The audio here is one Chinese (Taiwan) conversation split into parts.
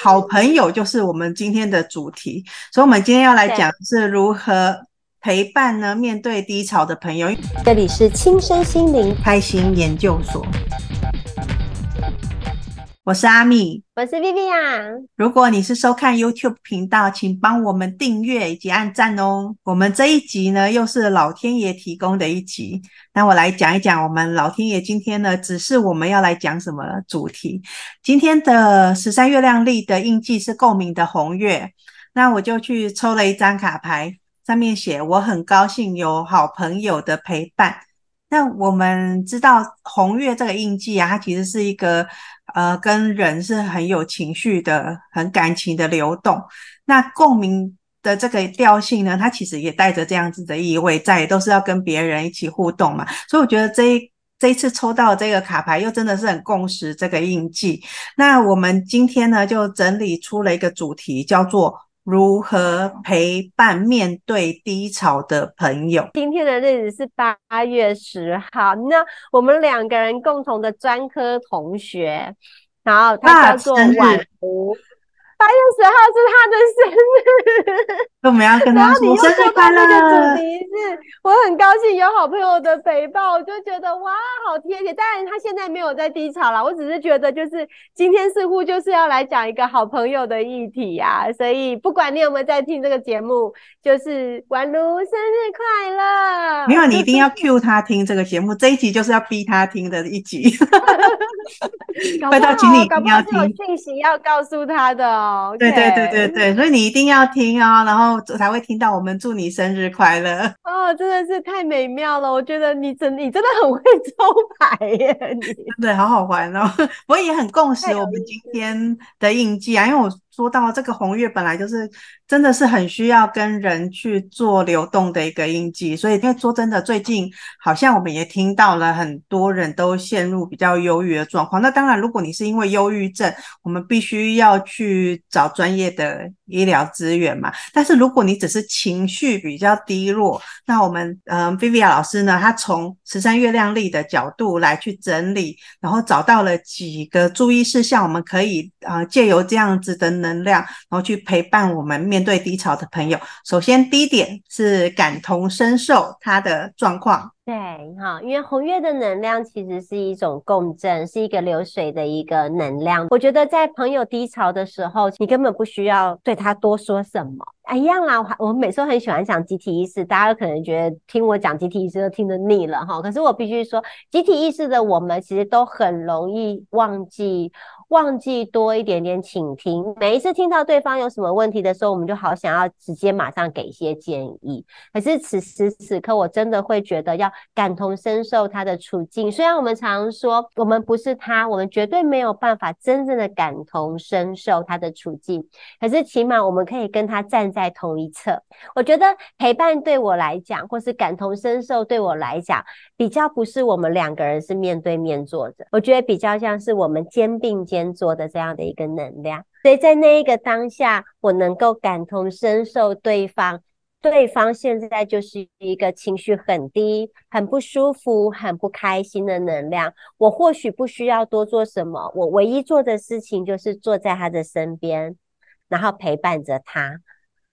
好朋友就是我們今天的主題，所以，我們今天要來講是如何陪伴呢？面對低潮的朋友。這裡是親身心靈開心言究所。我是阿米，我是 Viviya。如果你是收看 YouTube 頻道，請幫我們訂閱以及按讚哦。我們這一集呢，又是老天爺提供的一集。那我來講一講，我們老天爺今天呢，指示我們要來講什麼主題。今天的十三月亮曆的印記是共鳴的紅月，那我就去抽了一張卡牌，上面寫我很高興有好朋友的陪伴。那我們知道紅月這個印記啊，它其實是一個呃，跟人是很有情緒的、很感情的流動。那共鳴的這個調性呢，它其實也帶着這樣子的意味在，都是要跟別人一起互動嘛。所以我覺得這一這一次抽到這個卡牌，又真的是很共識這個印記。那我們今天呢，就整理出了一個主題，叫做如何陪伴面對低潮的朋友？今天的日子是八月十號，那我們兩個人共同的專科同學，然後他叫做婉如。八月十號是他的生日，我們要跟他 說生日快樂。我很高興有好朋友的陪伴，我就覺得哇，好貼切。當然，他現在沒有在低潮啦，我只是覺得，就是今天似乎就是要來講一個好朋友的議題啊。所以，不管你有沒有在聽這個節目，就是宛如生日快樂。沒有，你一定要 cue 他聽這個節目，這一集就是要逼他聽的一集。搞到經理，你要有訊息要告訴他的哦。Oh, okay. 對對對對對，所以你一定要聽哦，然後才會聽到我們祝你生日快樂哦！Oh, 真的是太美妙了，我覺得你真你真的很會抽牌耶，你對，好好玩哦。我也很共識我們今天的印記啊，因為我。說到這個紅月，本來就是真的是很需要跟人去做流動的一個印記，所以，因為說真的，最近好像我們也聽到了很多人都陷入比較憂鬱的狀況。那當然，如果你是因為憂鬱症，我們必須要去找專業的醫療資源嘛。但是，如果你只是情緒比較低落，那我們嗯、呃、Viviya 老師呢，他從十三月亮曆的角度來去整理，然後找到了幾個注意事項，我們可以啊借、呃、由這樣子的能。能量，然後去陪伴我們面對低潮的朋友。首先，第一點是感同身受他的狀況。對，哈，因為紅月的能量其實是一種共振，是一個流水的一個能量。我覺得在朋友低潮的時候，你根本不需要對他多說什麼。哎，一樣啦，我每次很喜歡講集體意識，大家可能覺得聽我講集體意識都聽得膩了哈。可是我必須說，集體意識的我們其實都很容易忘記。忘記多一點點傾聽。每一次聽到對方有什麼問題的時候，我們就好想要直接馬上給一些建議。可是此時此刻，我真的會覺得要感同身受他的處境。雖然我們常說我們不是他，我們絕對沒有辦法真正的感同身受他的處境。可是起碼我們可以跟他站在同一側。我覺得陪伴對我來講，或是感同身受對我來講，比較不是我們兩個人是面對面坐着，我覺得比較像是我們肩並肩。做的這樣的一個能量，所以在那一個當下，我能夠感同身受對方，對方現在就是一個情緒很低、很不舒服、很不開心的能量。我或許不需要多做什麼，我唯一做的事情就是坐在他的身邊，然後陪伴着他，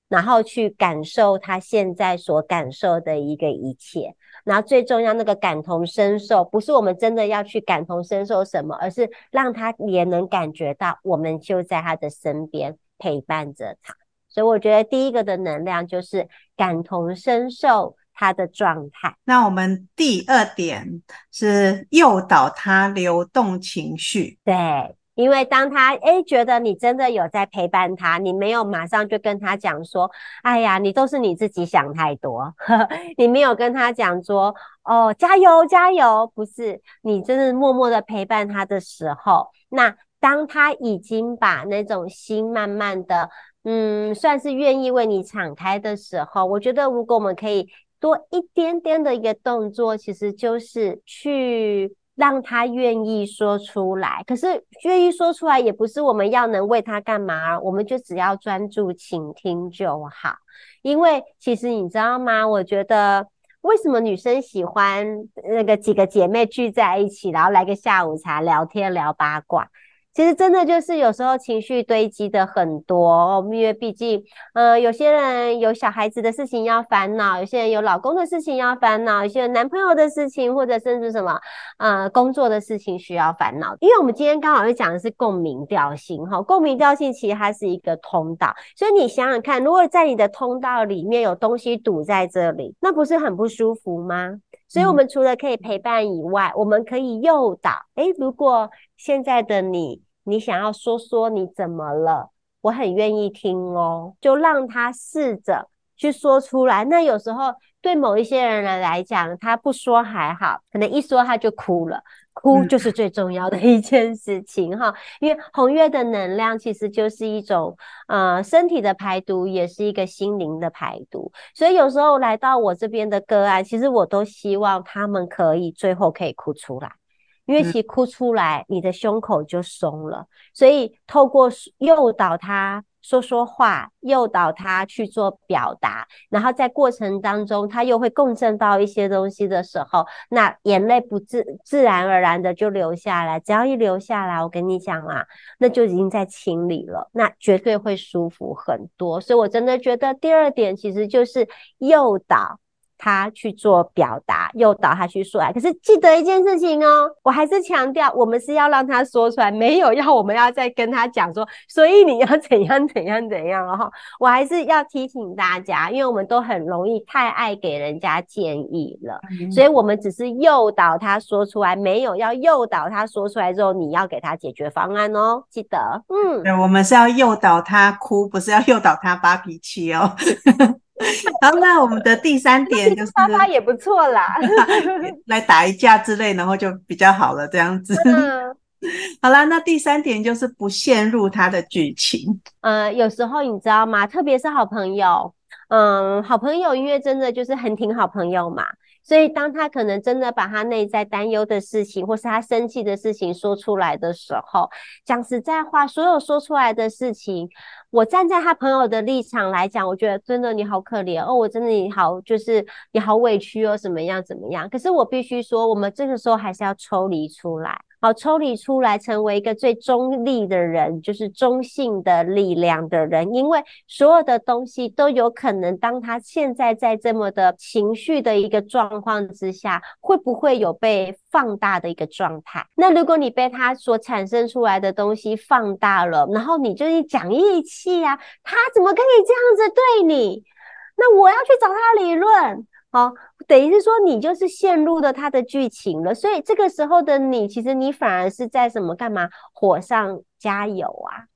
然後去感受他現在所感受的一個一切。然後最重要那個感同身受，不是我們真的要去感同身受什麼，而是讓他也能感覺到我們就在他的身邊陪伴着他。所以我覺得第一個的能量就是感同身受他的狀態。那我們第二點是誘導他流動情緒，對。因為當他，誒，覺得你真的有在陪伴他，你沒有馬上就跟他講說，哎呀，你都是你自己想太多， 你沒有跟他講說，哦，加油，加油，不是，你真的默默的陪伴他的時候，那當他已經把那種心慢慢的，嗯，算是願意為你敞開的時候，我覺得如果我們可以多一點點的一個動作，其實就是去。讓他願意說出來，可是願意說出來也不是我們要能為他幹嘛，我們就只要專注傾聽就好。因為其實你知道嗎？我覺得為什麼女生喜歡那個幾個姐妹聚在一起，然後來個下午茶聊天聊八卦。其實真的就是有時候情緒堆積的很多哦，因為畢竟，呃，有些人有小孩子的事情要煩惱，有些人有老公的事情要煩惱，有些人有男朋友的事情，或者甚至什麼，呃，工作的事情需要煩惱。因為我們今天剛好要講的是共鳴調性哈、哦，共鳴調性其實它是一個通道，所以你想想看，如果在你的通道裡面有東西堵在這裡，那不是很不舒服嗎？所以，我們除了可以陪伴以外，嗯、我們可以誘導。哎，如果現在的你。你想要說說你怎麼了？我很願意聽哦，就讓他試着去說出來。那有時候對某一些人來講，他不說還好，可能一說他就哭了，哭就是最重要的一件事情哈。 因為紅月的能量其實就是一種，呃，身體的排毒，也是一個心靈的排毒。所以有時候來到我這邊的個案，啊，其實我都希望他們可以最後可以哭出來。因為其哭出來，你的胸口就鬆了。嗯、所以透過誘導他說說話，誘導他去做表達，然後在過程當中他又會共振到一些東西的時候，那眼淚不自自然而然的就流下來。只要一流下來，我跟你講啦、啊，那就已經在清理了，那絕對會舒服很多。所以，我真的覺得第二點其實就是誘導。他去做表達，誘導他去說出來。可是記得一件事情哦，我還是強調，我們是要讓他說出來，沒有要我們要再跟他講說，所以你要怎樣怎樣怎樣哦，我還是要提醒大家，因為我們都很容易太愛給人家建議了，嗯，所以我們只是誘導他說出來，沒有要誘導他說出來之後你要給他解決方案哦，記得，嗯，對，我們是要誘導他哭，不是要誘導他發脾氣哦。 好，那我們的第三點就是，沙發 也不錯啦， 來打一架之類，然後就比較好了，這樣子。 嗯、好啦，那第三點就是不陷入他的劇情。呃，有時候你知道嗎？特別是好朋友，嗯，好朋友因為真的就是很挺好朋友嘛。所以，當他可能真的把他內在擔憂的事情，或是他生氣的事情說出來的時候，講實在話，所有說出來的事情，我站在他朋友的立場來講，我覺得真的你好可憐哦，我真的你好，就是你好委屈哦，怎麼樣怎麼樣？可是我必須說，我們這個時候還是要抽離出來。哦，抽離出來，成為一個最中立的人，就是中性的力量的人，因為所有的東西都有可能。當他現在在這麼的情緒的一個狀況之下，會不會有被放大的一個狀態？那如果你被他所產生出來的東西放大了，然後你就去講義氣呀，啊，他怎麼可以這樣子對你？那我要去找他理論。哦，等於是說你就是陷入了他的劇情了，所以這個時候的你，其實你反而是在什麼幹嘛？火上加油啊！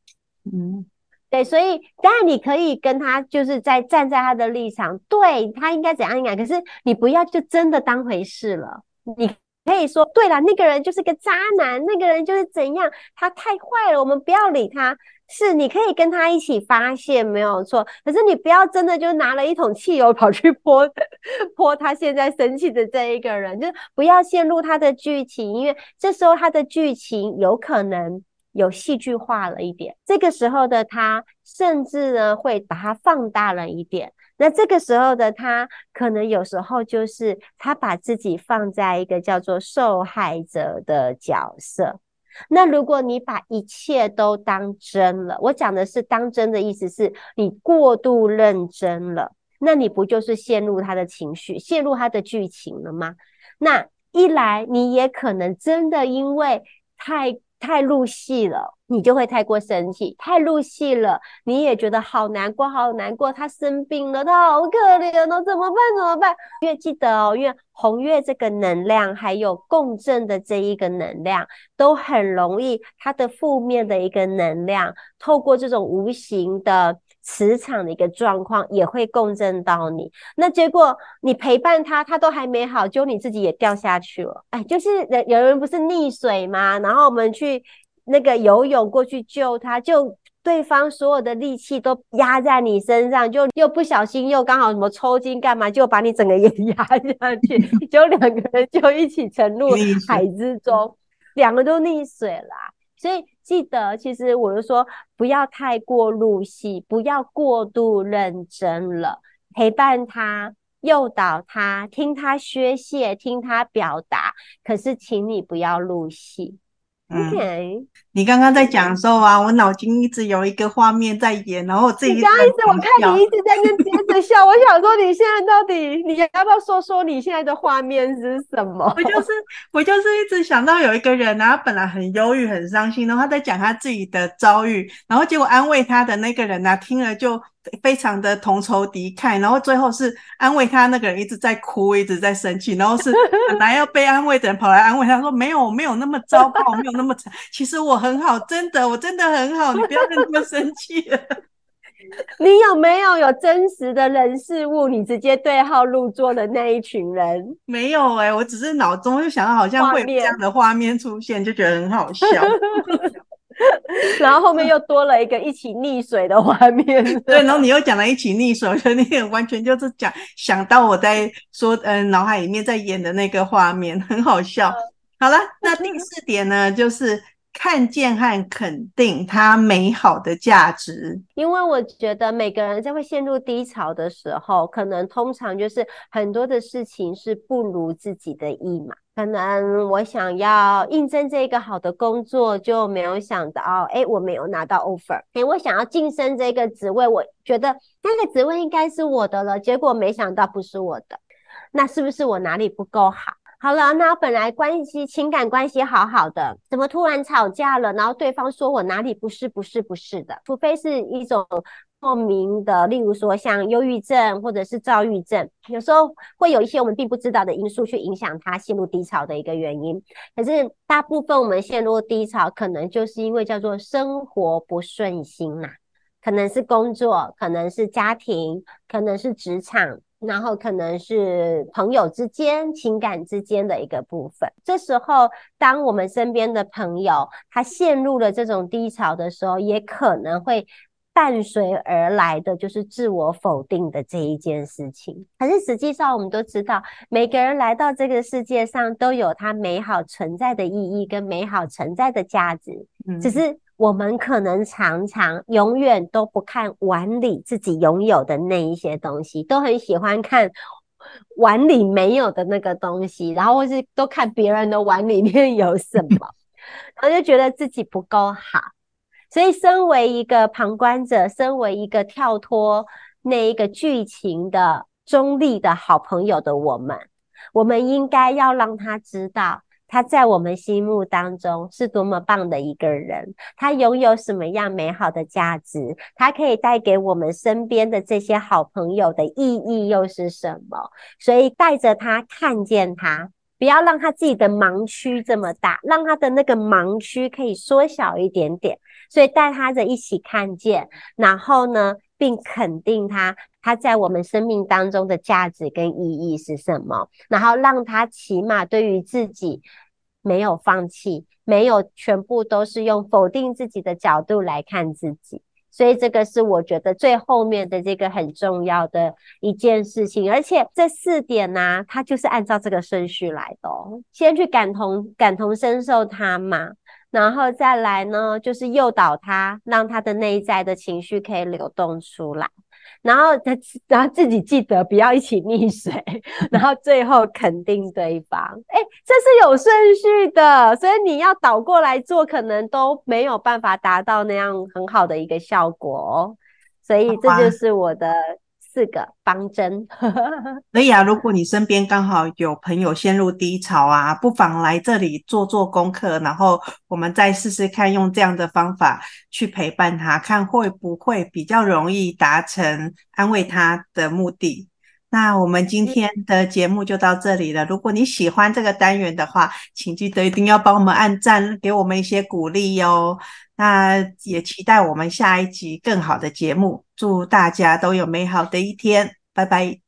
嗯，對，所以當然你可以跟他就是在站在他的立場，對他應該怎樣應該，可是你不要就真的當回事了。你可以說，對了，那個人就是個渣男，那個人就是怎樣，他太壞了，我們不要理他。是，你可以跟他一起發洩，沒有錯。可是你不要真的就拿了一桶汽油跑去潑潑他，現在生氣的這一個人，就是不要陷入他的劇情，因為這時候他的劇情有可能有戲劇化了一點。這個時候的他，甚至呢會把它放大了一點。那這個時候的他，可能有時候就是他把自己放在一個叫做受害者的角色。那如果你把一切都當真了，我講的是當真的意思是你過度認真了，那你不就是陷入他的情緒，陷入他的劇情了嗎？那一來，你也可能真的因為太。太入戲了，你就會太過生氣；太入戲了，你也覺得好難過，好難過。他生病了，他好可憐，哦。怎麼辦？怎麼辦？越記得哦，因為紅月這個能量，還有共振的這一個能量，都很容易它的負面的一個能量，透過這種無形的。磁場的一個狀況也會共振到你，那結果你陪伴他，他都還沒好，就你自己也掉下去了。哎，就是人有人不是溺水嘛，然後我們去那個游泳過去救他，就對方所有的力氣都壓在你身上，就又不小心又剛好什麼抽筋幹嘛，就把你整個也壓下去， 就兩個人就一起沉入海之中，兩 個都溺水啦啊，所以。記得，其實我就說，不要太過入戲，不要過度認真了。陪伴他，誘導他，聽他宣泄，聽他表達。可是，請你不要入戲。嗯 okay. 你剛剛在講的時候啊，我腦筋一直有一個畫面在演，然後這一剛一我看你一直在那邊憋着笑， 我想說你現在到底你要不要說說你現在的畫面是什麼？我就是我就是一直想到有一個人，啊，本來很憂鬱、很傷心，然後他在講他自己的遭遇，然後結果安慰他的那個人呢、啊，聽了就非常的同仇敵愾，然後最後是安慰他那個人一直在哭，一直在生氣，然後是本來要被安慰的人跑來安慰他說：“沒有沒有那麼糟糕，沒有那麼慘， 其實我很。”很好，真的，我真的很好，你不要那麼生氣了。 你有沒有有真實的人事物？你直接對號入座的那一群人？沒有哎、欸，我只是腦中就想到好像會有這樣的畫面出現，就覺得很好笑。 然後後面又多了一個一起溺水的畫面。 對，然後你又講了一起溺水，就那個完全就是講想到我在說，嗯、呃，腦海裡面在演的那個畫面，很好笑。好了，那第四點呢， 就是。看見和肯定它美好的價值，因為我覺得每個人在會陷入低潮的時候，可能通常就是很多的事情是不如自己的意嘛。可能我想要應徵這一個好的工作，就沒有想到，誒、哦、哎、欸，我沒有拿到 offer。哎、欸，我想要晉升這個職位，我覺得那個職位應該是我的了，結果沒想到不是我的。那是不是我哪裡不夠好？好了，那本來關係情感關係好好的，怎麼突然吵架了？然後對方說我哪裡不是不是不是的，除非是一種莫名的，例如說像憂鬱症或者是躁鬱症，有時候會有一些我們並不知道的因素去影響他陷入低潮的一個原因。可是大部分我們陷入低潮，可能就是因為叫做生活不順心啦、啊，可能是工作，可能是家庭，可能是職場。然後可能是朋友之間、情感之間的一個部分。這時候，當我們身邊的朋友他陷入了這種低潮的時候，也可能會伴隨而來的就是自我否定的這一件事情。可是實際上，我們都知道，每個人來到這個世界上都有他美好存在的意義跟美好存在的價值，嗯，只是。我們可能常常永遠都不看碗裡自己擁有的那一些東西，都很喜歡看碗裡沒有的那個東西，然後或是都看別人的碗裡面有什麼，然後就覺得自己不夠好。所以，身為一個旁觀者，身為一個跳脫那一個劇情的中立的好朋友的我們，我們應該要讓他知道。他在我們心目當中是多麼棒的一個人，他擁有什麼樣美好的價值？他可以帶給我們身邊的這些好朋友的意義又是什麼？所以帶着他，看見他。不要讓他自己的盲區這麼大，讓他的那個盲區可以縮小一點點。所以帶他的一起看見，然後呢，並肯定他，他在我們生命當中的價值跟意義是什麼。然後讓他起碼對於自己沒有放棄，沒有全部都是用否定自己的角度來看自己。所以這個是我覺得最後面的這個很重要的一件事情，而且這四點啊，它就是按照這個順序來的哦，先去感同感同身受他嘛，然後再來呢，就是誘導他，讓他的內在的情緒可以流動出來。然後他，然後自己記得不要一起溺水，嗯、然後最後肯定對方。哎，這是有順序的，所以你要倒過來做，可能都沒有辦法達到那樣很好的一個效果哦。所以這就是我的四個方針。所以 啊，如果你身邊剛好有朋友陷入低潮啊，不妨來這裡做做功課，然後我們再試試看，用這樣的方法去陪伴他，看會不會比較容易達成安慰他的目的。那我們今天的節目就到這裡了。如果你喜歡這個單元的話，請記得一定要幫我們按讚，給我們一些鼓勵哦。那也期待我們下一集更好的節目。祝大家都有美好的一天，拜拜。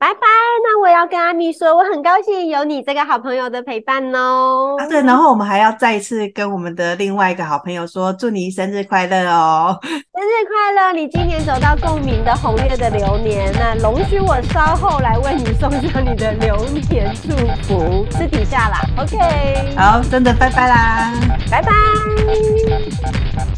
拜拜，那我要跟阿咪說，我很高興有你這個好朋友的陪伴哦。啊，對，然後我們還要再一次跟我們的另外一個好朋友說，祝你生日快樂哦！生日快樂，你今年走到共鳴的紅月的流年，那容許我稍後來為你送上你的流年祝福，私底下啦。OK，好，真的拜拜啦，拜拜。